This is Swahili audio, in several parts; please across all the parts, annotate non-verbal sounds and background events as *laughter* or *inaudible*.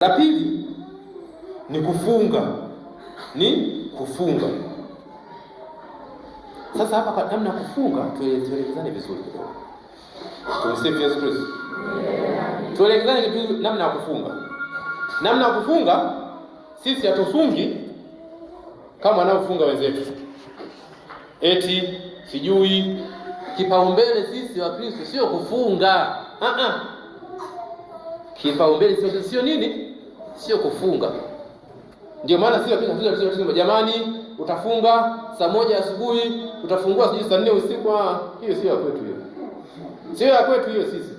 La pili ni kufunga, ni kufunga. Sasa hapa kwa namna ya kufunga tuelekezane vizuri Tumsifu Yesu Kristo. Tuelekezane vizuri namna ya kufunga. Namna ya kufunga sisi hatufungi kama anavyofunga wenzetu, eti sijui kipaumbele. Sisi wa Kristo sio kufunga, ah ah, kipaumbele sio sio nini sio kufunga. Ndio maana sisi jamani, utafunga saa moja asubuhi, utafungua sijui saa nne usiku. Ah, hiyo sio ya kwetu, hiyo sio ya kwetu hiyo. Sisi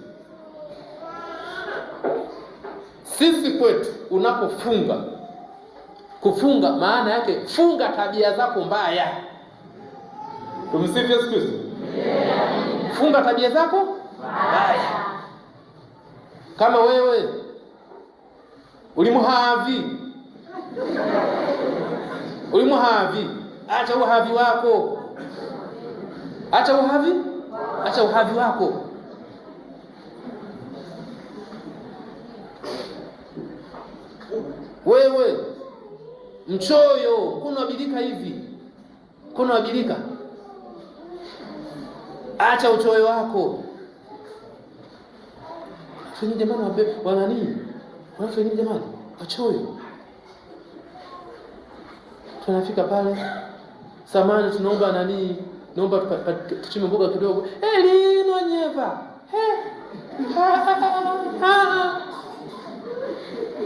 sisi kwetu, unapofunga kufunga maana yake funga tabia zako mbaya. Tumsifu Yesu Kristo. Funga tabia zako mbaya, kama wewe uli muhavi uli muhavi acha uhavi wako, acha uhavi, acha uhavi wako. Wewe mchoyo, kunabilika hivi, kunabilika, acha uchoyo wako. Jamani, wananii Unaitwa nini jamani? huyo. Tunafika pale, samani tunaomba nani? Naomba tuchime mboga kidogo. Eh, lino nyeva. Eh. *laughs*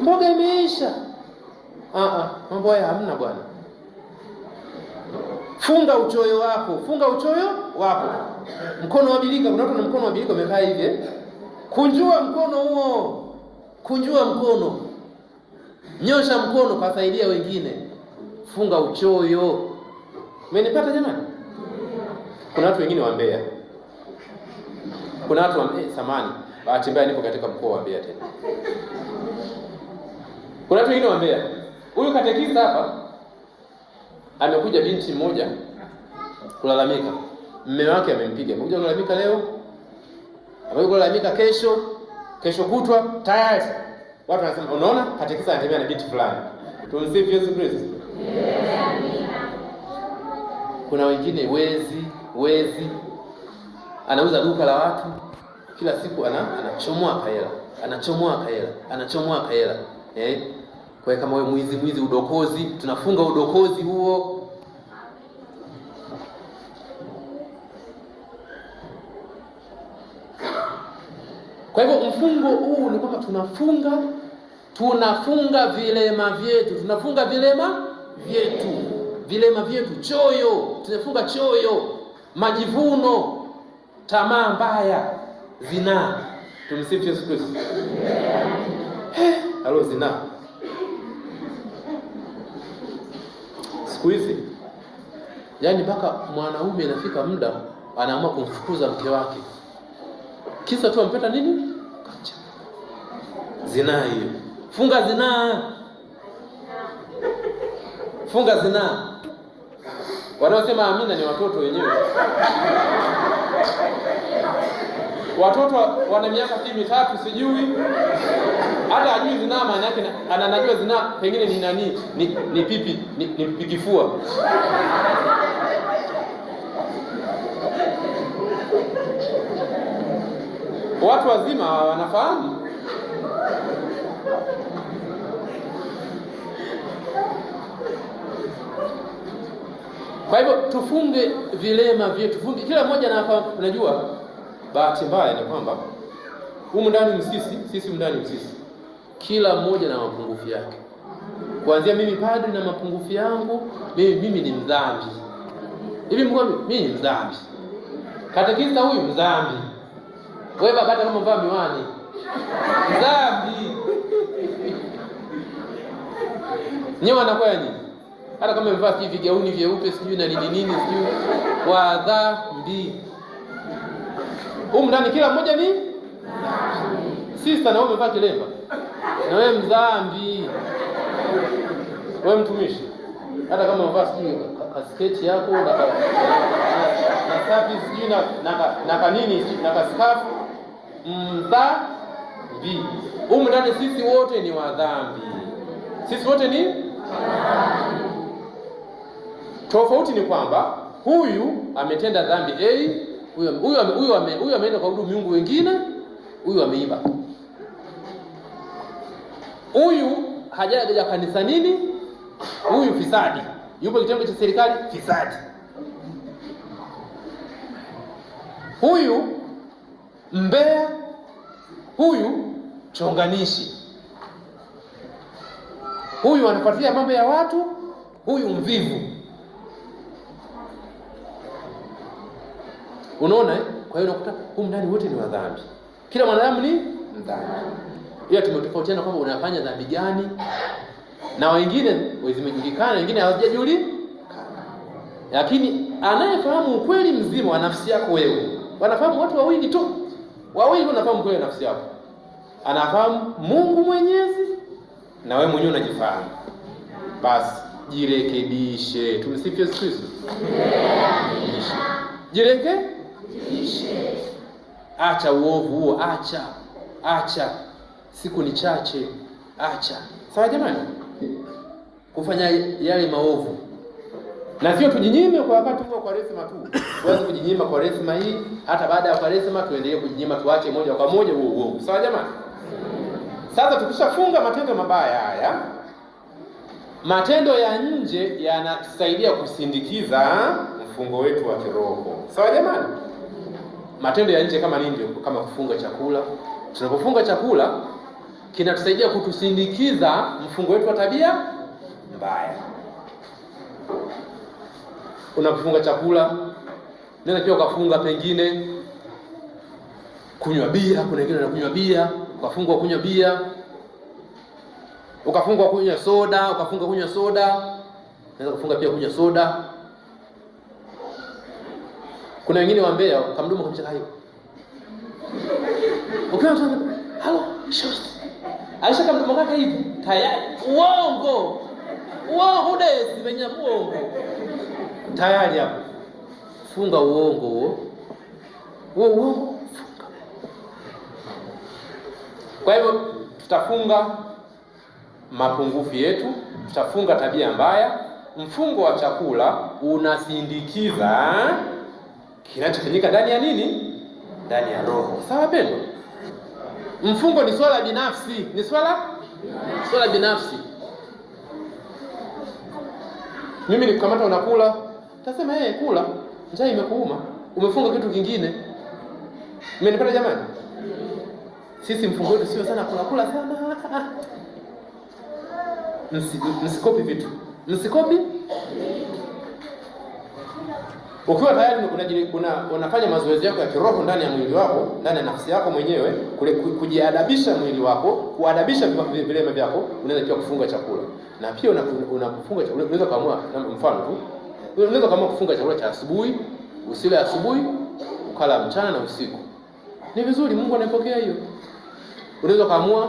Mboga imeisha. Ah ah, mambo haya hamna bwana. Funga uchoyo wako, funga uchoyo wako. Mkono wa bilika, kuna mtu na mkono wa bilika umekaa hivi. Eh. Kunjua mkono huo kunjua mkono, nyosha mkono kasaidia wengine, funga uchoyo. Umenipata jamani? Kuna watu wengine wa Mbeya, kuna watu wa Mbeya samani, bahati mbaya nipo katika mkoa wa Mbeya tena. Kuna watu wengine wa Mbeya, huyu katekista hapa amekuja binti mmoja kulalamika, mume wake amempiga. Amekuja kulalamika leo, amekuja kulalamika kesho kesho kutwa tayari watu wanasema, unaona katekista anatembea na binti fulani. Tumsifu Yesu Kristo. Kuna wengine wezi, wezi anauza duka la watu kila siku ana- anachomoa kaela anachomoa kaela anachomoa kaela eh. Kwa kama wewe mwizi mwizi, udokozi, tunafunga udokozi huo mfungo huu ni kwamba tunafunga tunafunga vilema vyetu, tunafunga vilema vyetu, vilema vyetu, choyo, tunafunga choyo, majivuno, tamaa mbaya, zinaa. Tumsifu Yesu Kristo. Eh, halo, zinaa siku hizi, yaani mpaka mwanaume inafika muda anaamua kumfukuza mke wake, kisa tu ampeta nini zinaa hiyo. Funga zinaa, funga zinaa. Wanaosema amina ni watoto wenyewe. Watoto wana miaka si mitatu, sijui hata ajui zinaa maana yake, ananajua zinaa pengine ni nani, ni, ni pipi ni, ni pikifua watu wazima wanafahamu Kwa hivyo tufunge vilema vyetu, tufunge kila mmoja na hapa. Unajua, bahati mbaya ni kwamba humu ndani msisi sisi, humu ndani msisi, kila mmoja na mapungufu yake, kuanzia mimi padri na mapungufu yangu mimi. Mimi ni mdhambi hivi, mko mimi ni mdhambi, katekista huyu mdhambi, wewe baba, hata kama vaa miwani mdhambi, *laughs* nyewe wanakwenda hata kama amevaa sijui vigauni vyeupe sijui na nini nini sijui wa dhambi. Huko ndani kila mmoja ni sista, na wewe umevaa kilemba, na wewe mdhambi, wewe mtumishi, hata kama umevaa sijui kasketi yako na na safi sijui na na kanini na kaskafu mdhambi. Huko ndani sisi wote ni wadhambi, sisi wote ni Tofauti ni kwamba huyu ametenda dhambi A, huyu huyu huyu huyu ameenda kuabudu miungu wengine, huyu ameiba. Huyu hajaja kanisa nini, huyu fisadi. Yupo kitengo cha serikali fisadi. Huyu mbea, huyu chonganishi. Huyu anafuatilia mambo ya watu, huyu mvivu. Unaona eh? Kwa hiyo unakuta huko ndani wote ni wadhambi, kila mwanadamu ni mdhambi, ila tumetofautiana kwamba unafanya dhambi gani, na wengine zimejulikana, wengine hawajajulikana. Lakini anayefahamu ukweli mzima wa nafsi yako wewe, wanafahamu watu wawili tu, wawili wanafahamu ukweli wa nafsi yako, anafahamu Mungu Mwenyezi na wewe mwenyewe unajifahamu. Basi jirekebishe. tumsifie Yesu Kristo. Jirekebishe. Acha uovu huo, acha acha, siku ni chache, acha. Sawa jamani, kufanya yale maovu na sio tujinyime kwa wakati huo Kwaresima tu, tuweze kujinyima kwa Kwaresima hii, hata baada ya Kwaresima tuendelee kujinyima, tuache moja kwa moja huo uovu. Sawa jamani. Sasa tukishafunga matendo mabaya haya, matendo ya nje yanatusaidia kusindikiza mfungo wetu wa kiroho. Sawa jamani matendo ya nje kama nini? Ndio kama kufunga chakula. Tunapofunga chakula kinatusaidia kutusindikiza mfungo wetu wa tabia mbaya. Unapofunga chakula nenda pia ukafunga pengine kunywa bia. Kuna wengine wanakunywa bia, ukafungwa kunywa bia, ukafungwa kunywa soda, ukafunga kunywa soda, naweza kufunga pia kunywa soda kuna wengine wambea kamduma kabisa hayo. Ukiwa mtu halo shost. Aisha kamduma kaka hivi tayari uongo. Uongo desi menya uongo. Tayari hapo. Funga uongo huo. Huo uongo Kwa hivyo tutafunga mapungufu yetu, tutafunga tabia mbaya. Mfungo wa chakula unasindikiza kinachofanyika ndani ya nini? Ndani ya roho. Sawa pendo, mfungo ni swala binafsi, ni swala swala binafsi. Mimi nikukamata unakula, tasema yeye kula, njaa imekuuma, umefunga kitu kingine. Mmenipata jamani? Sisi mfungo wetu sio sana kula kula sana. *laughs* Msikopi vitu, msikopi ukiwa tayari una, unafanya mazoezi yako ya kiroho ndani ya mwili wako, ndani ya nafsi yako mwenyewe, kule kujiadabisha mwili wako, kuadabisha vilema vyako, unaweza pia kufunga chakula. Na pia unapofunga chakula unaweza kaamua kuamua, mfano tu, unaweza kuamua kufunga chakula cha asubuhi, usile asubuhi, ukala mchana na usiku. Ni vizuri, Mungu anapokea hiyo. Unaweza kaamua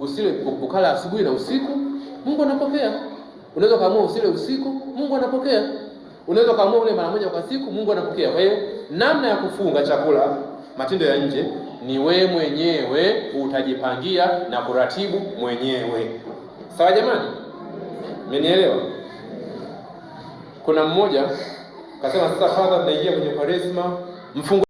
usile ukala asubuhi na usiku, Mungu anapokea. Unaweza kaamua usile usiku, Mungu anapokea. Unaweza ukaamua ule mara moja kwa siku, Mungu anapokea. Kwa hiyo namna ya kufunga chakula, matendo ya nje ni we mwenyewe utajipangia na kuratibu mwenyewe. Sawa jamani, mmenielewa? Kuna mmoja kasema sasa, Padre, tunaingia kwenye Kwaresma mfungo